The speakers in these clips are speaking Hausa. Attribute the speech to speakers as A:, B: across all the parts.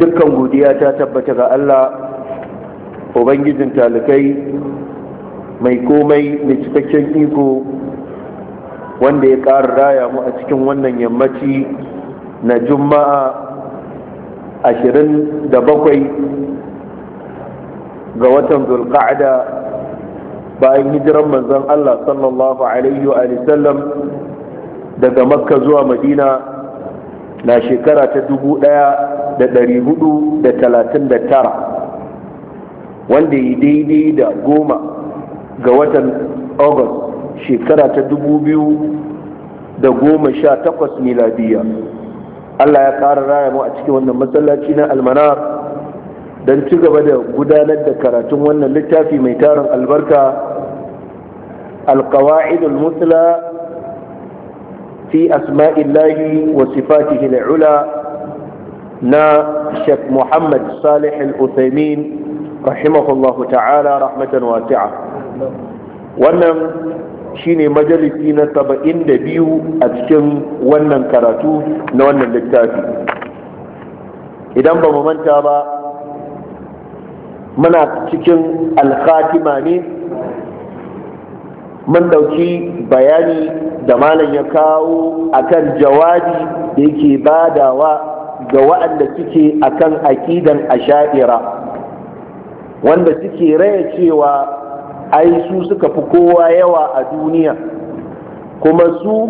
A: dukkan godiya ta tabbata ga Allah ubangijin talikai mai komai mai cikakken iko wanda ya ƙara raya mu a cikin wannan yammaci na juma'a 27 ga watan zulqa'ada bayan hijiran manzon Allah sallallahu alaihi wa sallam daga makka zuwa madina na shekara ta dubu ɗaya da ɗari hudu da talatin da tara wanda yi daidai da goma ga watan august shekara ta dubu biyu da goma sha takwas miladiya allah ya ƙara raya mu a cikin wannan masallaci na almanar don ci gaba da gudanar da karatun wannan littafi mai tarin albarka القواعد المثلى في أسماء الله وصفاته العلى na Sheikh Muhammad Salih Al-Uthaymin rahimahullahu ta'ala rahmatan wasi'a wannan shine majalisi na saba'in da biyu a cikin wannan karatu na wannan littafi idan ba mu manta ba muna cikin alkhatima ne mun dauki bayani da malam ya kawo akan jawabi da yake badawa ga waɗanda suke akan aƙidan asha'ira wanda suke raya cewa ai su suka fi kowa yawa a duniya kuma su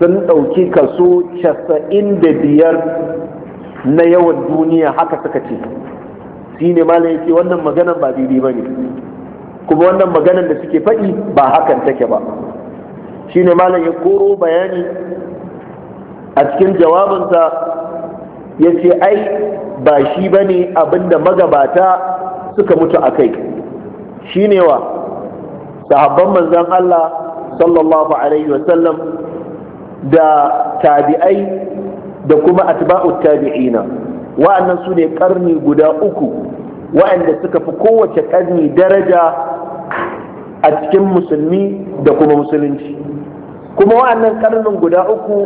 A: sun ɗauki kaso 95 na yawan duniya haka suka ce shi ne mala ya ce wannan maganan ba daidai ba ne kuma wannan maganan da suke faɗi ba hakan take ba shi ne mala ya koro bayani a cikin jawabinsa ya ce ai ba shi ba ne abinda magabata suka mutu a kai shi ne wa sahabban manzan Allah sallallahu alaihi wasallam da tabi'ai da kuma atba'u tabi'ina wa'annan su ne karni guda uku wa'anda suka fi kowace karni daraja a cikin musulmi da kuma musulunci kuma wa'annan karnin guda uku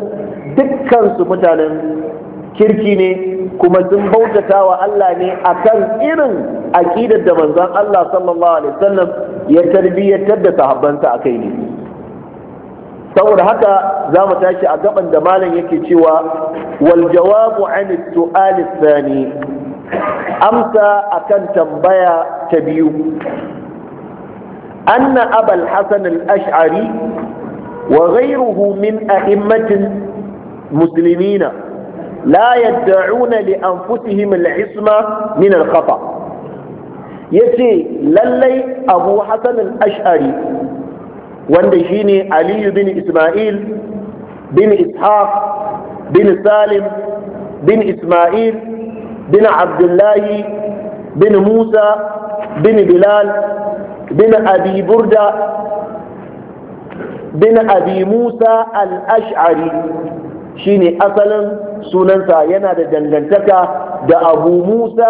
A: dukkansu mutanen kirki ne kuma sun bautata wa Allah ne akan irin aƙidar da manzon Allah sallallahu alaihi wasallam ya tarbiyyatar da sahabbansa akai ne saboda haka za mu tashi a gaban da malam yake cewa wal jawabu an su'al thani amsa akan tambaya ta biyu أن أبا الحسن الأشعري وغيره من a'immatin Musulmina. la yadda'una li anfusihim al-isma min al yace lallai Abu Hasan al-Ash'ari wanda shine Aliyu bin Isma'il bin Ishaq bin Salim bin Isma'il bin Abdullahi bin Musa bin Bilal bin Abi Burda bin Abi Musa al-Ash'ari shine asalin sunansa yana da dangantaka da abu musa